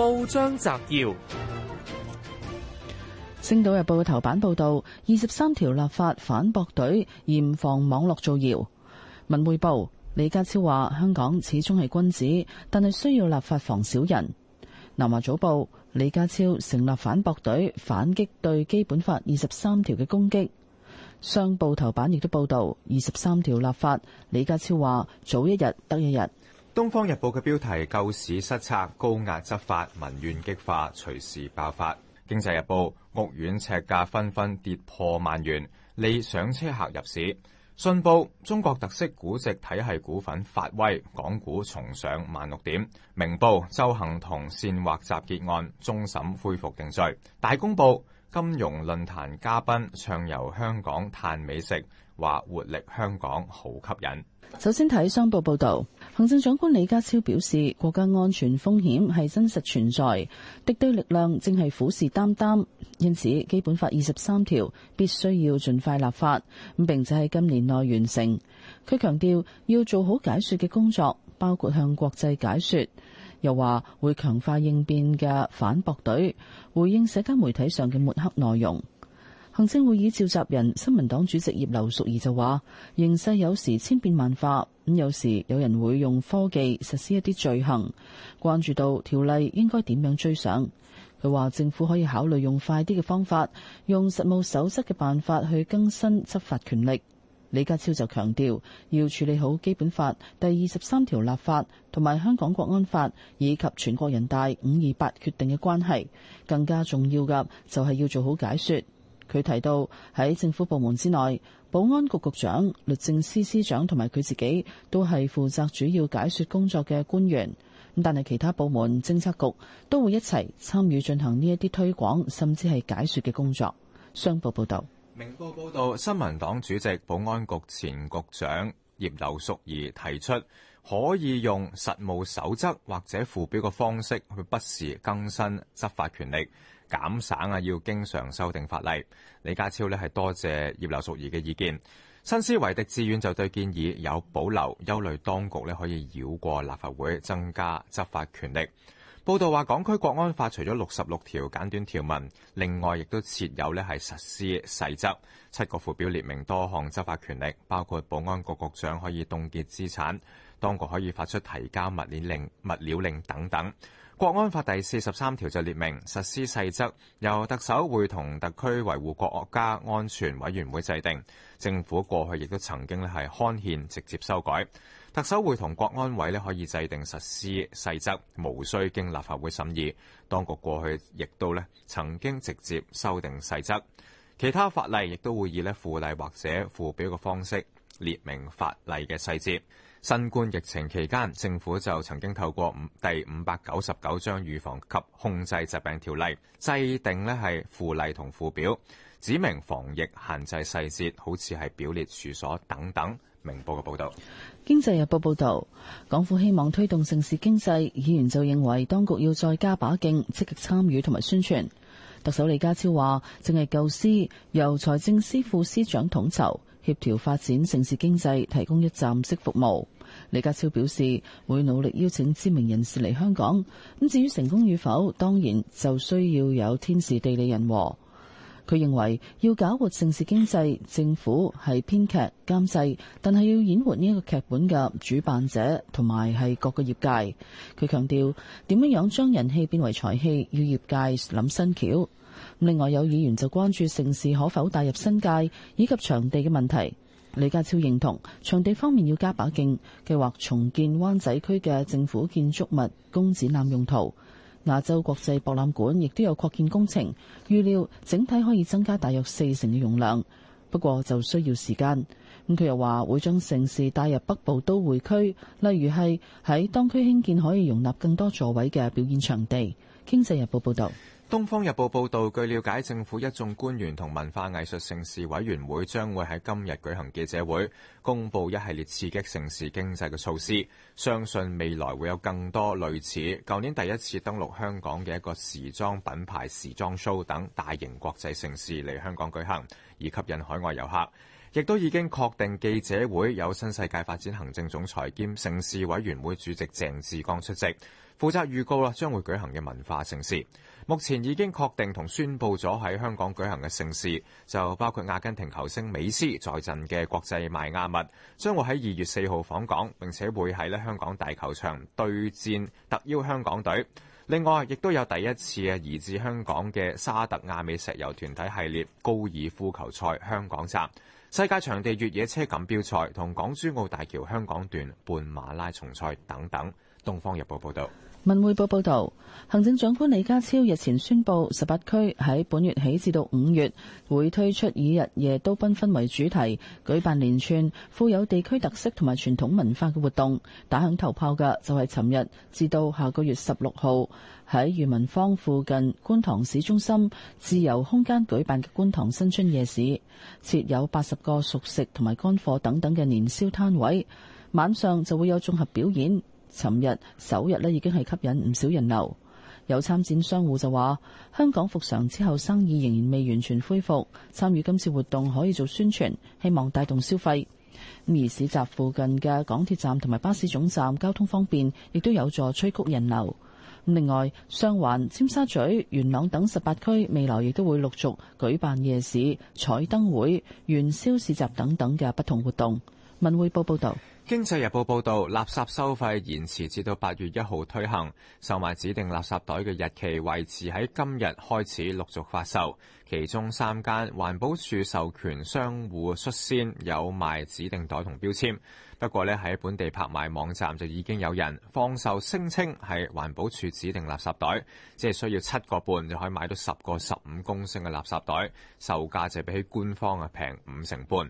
報章摘要，《星島日報》嘅頭版報道二十三條立法反駁隊嚴防網絡造謠。《文匯報》李家超話：香港始終係君子，但係需要立法防小人。《南華早報》李家超成立反駁隊反擊對基本法二十三條嘅攻擊。《商報》頭版亦都報道二十三條立法。李家超話：早一日得一日。東方日報嘅標題：救市失策，高壓執法，民怨激化，隨時爆發。經濟日報：屋苑尺價紛紛跌破萬元，利上車客入市。信報：中國特色估值體系股份發威，港股重上萬六點。明報：鄒幸彤煽惑集結案終審恢復定罪。大公報金融論壇嘉賓暢遊香港嘆美食，話活力香港好吸引。首先睇商報報道，行政長官李家超表示，國家安全風險係真實存在，敵對力量正係虎視眈眈，因此基本法二十三條必須要盡快立法，並且喺今年內完成。佢強調要做好解說嘅工作，包括向國際解說。又話會強化應變嘅反駁隊，回應社交媒體上嘅抹黑內容。行政會議召集人、新民黨主席葉劉淑儀就話：「形勢有時千變萬化，咁有時有人會用科技實施一啲罪行，關注到條例應該點樣追上。」佢話政府可以考慮用快啲嘅方法，用實務守則嘅辦法去更新執法權力。李家超就強調，要處理好《基本法》第二十三條立法同埋香港國安法以及全國人大五二八決定嘅關係。更加重要嘅就係要做好解說。佢提到喺政府部門之內，保安局局長、律政司司長同埋佢自己都係負責主要解說工作嘅官員。咁但係其他部門、政策局都會一齊參與進行呢一啲推廣，甚至係解說嘅工作。商報報道。明報報道，新民黨主席、保安局前局長葉劉淑儀提出，可以用實務守則或者附表嘅方式去不時更新執法權力，減省啊要經常修訂法例。李家超呢係多謝葉劉淑儀嘅意見。新思維狄志遠就對建議有保留，憂慮當局呢可以繞過立法會增加執法權力。報道話，港區國安法除咗六十六條簡短條文，另外亦都設有咧係實施細則，七個附表列明多項執法權力，包括保安局局長可以凍結資產，當局可以發出提交物料令、物料令等等。《國安法》第四十三條就列明，實施細則由特首會同特區維護國家安全委員會制定。政府過去亦都曾經咧係刊憲直接修改。特首會同國安委咧可以制定實施細則，無需經立法會審議。當局過去亦都咧曾經直接修訂細則。其他法例亦都會以咧附例或者附表嘅方式列明法例嘅細節。新冠疫情期間，政府就曾經透過五第五百九十九章《預防及控制疾病條例》制定呢係附例同附表，指明防疫限制細節，好似係表列處所等等。明報嘅報導，《經濟日報》報導，港府希望推動城市經濟，議員就認為當局要再加把勁，積極參與同埋宣傳。特首李家超話：正係舊司由財政司副司長統籌。協調發展城市經濟，提供一站式服務。李家超表示，會努力邀請知名人士嚟香港。咁至於成功與否，當然就需要有天時地利人和。佢認為要搞活城市經濟，政府係編劇監製，但係要演活呢個劇本嘅主辦者同埋係各個業界。佢強調，點樣樣將人氣變為財氣，要業界諗新橋。另外有議員就關注城市可否帶入新界以及場地嘅問題。李家超認同場地方面要加把勁，計劃重建灣仔區嘅政府建築物供展覽用途。亞洲國際博覽館亦都有擴建工程，預料整體可以增加大約四成嘅容量，不過就需要時間。咁佢又話會將城市帶入北部都會區，例如係喺當區興建可以容納更多座位嘅表演場地。經濟日報報導。《東方日報》報導，據了解，政府一眾官員同文化藝術城市委員會將會喺今日舉行記者會，公布一系列刺激城市經濟嘅措施。相信未來會有更多類似舊年第一次登陸香港嘅一個時裝品牌時裝 show 等大型國際城市嚟香港舉行，以吸引海外遊客。亦都已經確定記者會有新世界發展行政總裁兼盛事委員會主席鄭志剛出席，負責預告啦，將會舉行嘅文化盛事。目前已經確定同宣佈咗喺香港舉行嘅盛事，就包括阿根廷球星美斯在陣嘅國際邁亞密，將會喺二月四號訪港，並且會喺咧香港大球場對戰特邀香港隊。另外，亦都有第一次嘅移至香港嘅沙特亞美石油團體系列高爾夫球賽香港站。世界場地越野車錦標賽同港珠澳大橋香港段半馬拉松賽等等。《東方日報，報道》報導。文匯報報道，行政長官李家超日前宣布，十八區喺本月起至到五月會推出以日夜都繽紛為主題，舉辦連串富有地區特色同埋傳統文化嘅活動。打響頭炮嘅就係尋日至到下個月十六號喺裕民坊附近觀塘市中心自由空間舉辦嘅觀塘新春夜市，設有八十個熟食同埋乾貨等等嘅年宵攤位，晚上就會有綜合表演。尋日首日咧，已經係吸引唔少人流。有參展商戶就話：香港復常之後，生意仍然未完全恢復。參與今次活動可以做宣傳，希望帶動消費。而市集附近嘅港鐵站同埋巴士總站交通方便，亦都有助催谷人流。另外，上環、尖沙咀、元朗等十八區未來亦都會陸續舉辦夜市、彩燈會、元宵市集等等嘅不同活動。文匯報報導。經濟日報報道，垃圾收費延遲至到八月一號推行，售賣指定垃圾袋嘅日期維持喺今日開始陸續發售。其中三間環保署授權商戶率先有賣指定袋同標籤。不過呢，喺本地拍賣網站就已經有人放售，聲稱係環保署指定垃圾袋，即係需要七個半就可以買到十個十五公升嘅垃圾袋，售價就比起官方啊平五成半。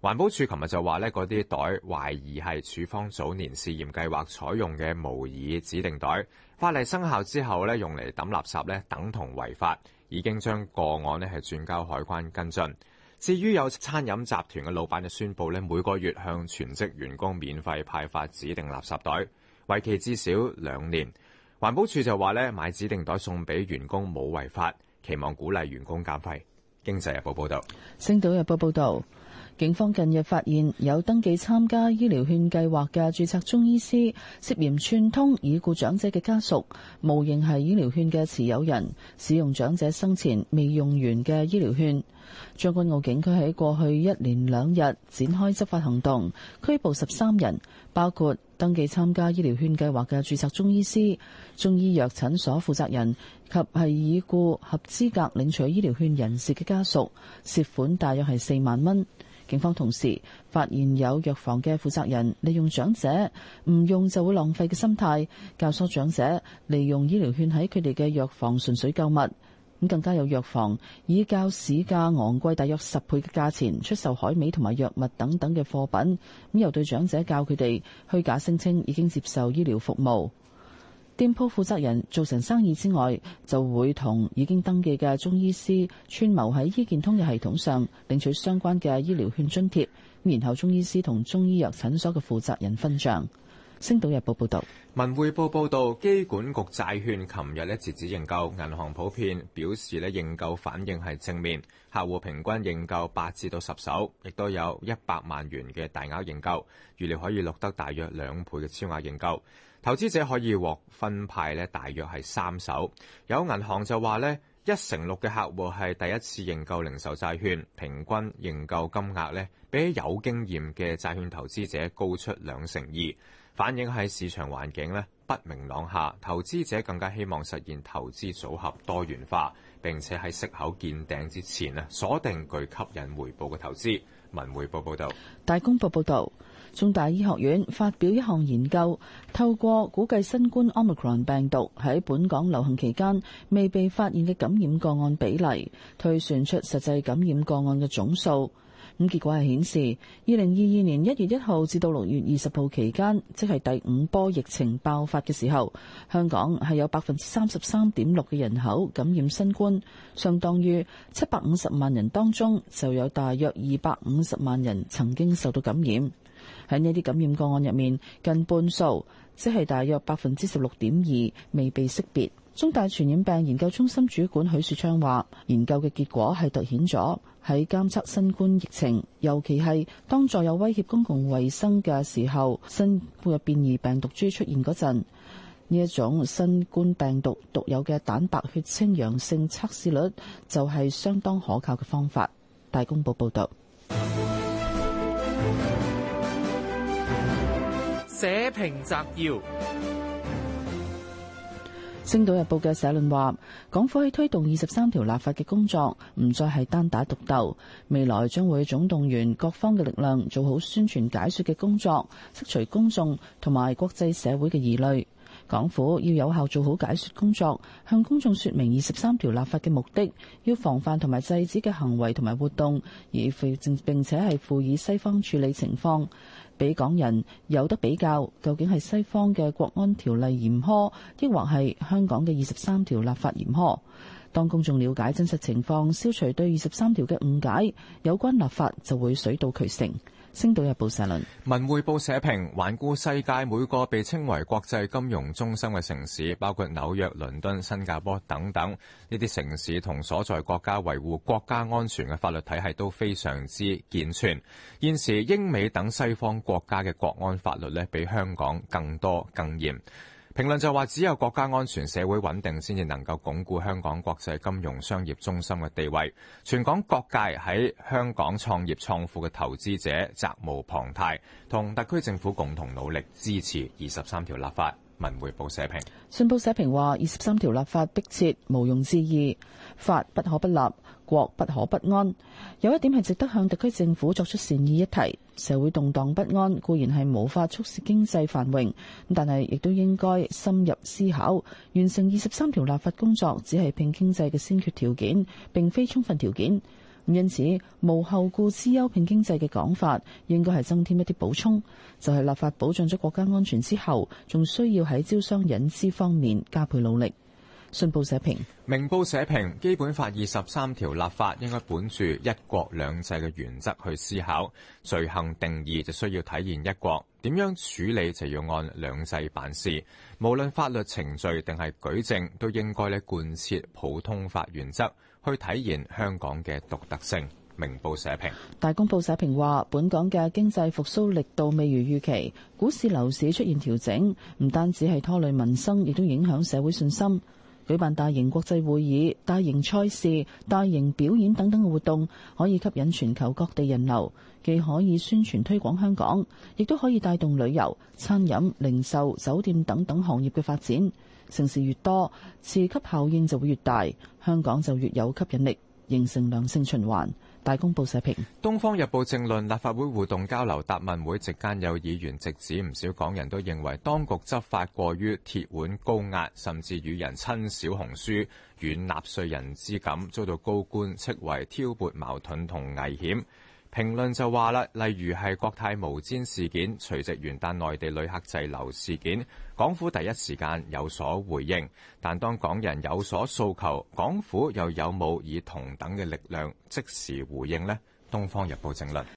環保署琴日就話咧，嗰啲袋懷疑係署方早年試驗計劃採用嘅模擬指定袋，法例生效之後咧，用嚟抌垃圾咧等同違法，已經將個案呢係轉交海關跟進。至於有餐飲集團嘅老闆就宣佈咧，每個月向全職員工免費派發指定垃圾袋，為期至少兩年。環保署就話咧，買指定袋送俾員工冇違法，期望鼓勵員工減費。經濟日報報道，星島日報報道。警方近日發現有登記參加醫療券計劃嘅註冊中醫師涉嫌串通已故長者嘅家屬，冒認係醫療券嘅持有人，使用長者生前未用完嘅醫療券。將軍澳警區喺過去一連兩日展開執法行動，拘捕十三人，包括登記參加醫療券計劃嘅註冊中醫師、中醫藥診所負責人及係已故合資格領取醫療券人士嘅家屬，涉款大約係四萬蚊。警方同時發現有藥房嘅負責人利用長者唔用就會浪費嘅心態，教唆長者利用醫療券喺佢哋嘅藥房純粹購物。咁更加有藥房以較市價昂貴大約十倍嘅價錢出售海味同埋藥物等等嘅貨品，咁又對長者教佢哋虛假聲稱已經接受醫療服務。店鋪負責人做成生意之外，就會同已經登記嘅中醫師串謀喺醫健通嘅系統上領取相關嘅醫療券津貼，然後中醫師同中醫藥診所嘅負責人分賬。星島日報報道，文匯報報道。機管局債券琴日呢截止認購，銀行普遍表示呢認購反應係正面，客戶平均認購八至到十手，亦都有一百萬元嘅大額認購，預料可以錄得大約兩倍嘅超額認購。投資者可以獲分派呢，大約係三手。有銀行就話呢，一成六嘅客戶係第一次認購零售債券，平均認購金額呢，比有經驗嘅債券投資者高出兩成二，反映喺市場環境呢不明朗下，投資者更加希望實現投資組合多元化，並且喺息口見頂之前呢，鎖定具吸引回報嘅投資。文匯報報道。大公報報導。中大醫學院發表一項研究，透過估計新冠 Omicron 病毒喺本港流行期間未被發現嘅感染個案比例，推算出實際感染個案嘅總數。咁結果係顯示，二零二二年一月一號至到六月二十號期間，即係第五波疫情爆發嘅時候，香港係有百分之三十三點六嘅人口感染新冠，相當於七百五十萬人當中就有大約二百五十萬人曾經受到感染。喺呢啲感染個案入面，近半數，即係大約百分之十六點二未被識別。中大傳染病研究中心主管許樹昌話，研究嘅結果係凸顯咗喺監測新冠疫情，尤其係當在有威脅公共衛生嘅時候，新嘅變異病毒株出現嗰陣，呢一種新冠病毒獨有嘅蛋白血清陽性測試率就係相當可靠嘅方法。大公報報道。 社評摘要，《星島日報》嘅社論話，港府喺推動《二十三條》立法嘅工作唔再係單打獨鬥，未來將會總動員各方嘅力量，做好宣傳解說嘅工作，釋除公眾同埋國際社會嘅疑慮。港府要有效做好解說工作，向公眾說明《二十三條》立法嘅目的，要防範同埋制止嘅行為同埋活動，而並且係賦以西方處理情況。俾港人有得比較，究竟係西方嘅國安條例嚴苛，抑或係香港嘅二十三條立法嚴苛？當公眾了解真實情況，消除對二十三條嘅誤解，有關立法就會水到渠成。《星島日報》社論：文匯報社評，環顧世界每個被稱為國際金融中心嘅城市，包括紐約、倫敦、新加坡等等，呢啲城市同所在國家維護國家安全嘅法律體系都非常之健全。現時英美等西方國家嘅國安法律呢，比香港更多更嚴。評論就話，只有國家安全、社會穩定，先至能夠鞏固香港國際金融商業中心嘅地位。全港各界喺香港創業創富嘅投資者責無旁貸，同特區政府共同努力支持二十三條立法。文匯報社評，信報社評話，二十三條立法迫切，毋庸置疑，法不可不立，國不可不安。有一點係值得向特區政府作出善意一提。社會動蕩不安固然係無法促使經濟繁榮，但係亦都應該深入思考，完成二十三條立法工作只係拼經濟嘅先決條件，並非充分條件。因此，無後顧之憂拼經濟嘅講法，應該係增添一啲補充，就係立法保障咗國家安全之後，仲需要喺招商引資方面加倍努力。信報社評。明報社評，基本法二十三條立法應該本住一國兩制嘅原則去思考，罪行定義就需要體現一國，點樣處理就要按兩制辦事，無論法律程序定係舉證，都應該嚟貫徹普通法原則去體現香港嘅獨特性。明報社評。大公報社評話，本港嘅經濟復甦力度未如預期，股市樓市出現調整，唔單止係拖累民生，亦都影響社會信心。舉辦大型國際會議、大型賽事、大型表演等等嘅活動，可以吸引全球各地人流，既可以宣傳推廣香港，亦都可以帶動旅遊、餐飲、零售、酒店等等行業嘅發展。城市越多，次級效應就會越大，香港就越有吸引力，形成良性循環。大公報社評，《東方日報》政論。立法會互動交流答問會席間有議員直指，唔少港人都認為當局執法過於鐵腕高壓，甚至與人親小紅書，軟納稅人之感，遭到高官斥為挑撥矛盾同危險。評論就話啦，例如係國泰無氈事件、除夕元旦內地旅客滯留事件。港府第一時間有所回應，但當港人有所訴求，港府又有冇以同等嘅力量即時回應呢？《東方日報》正論。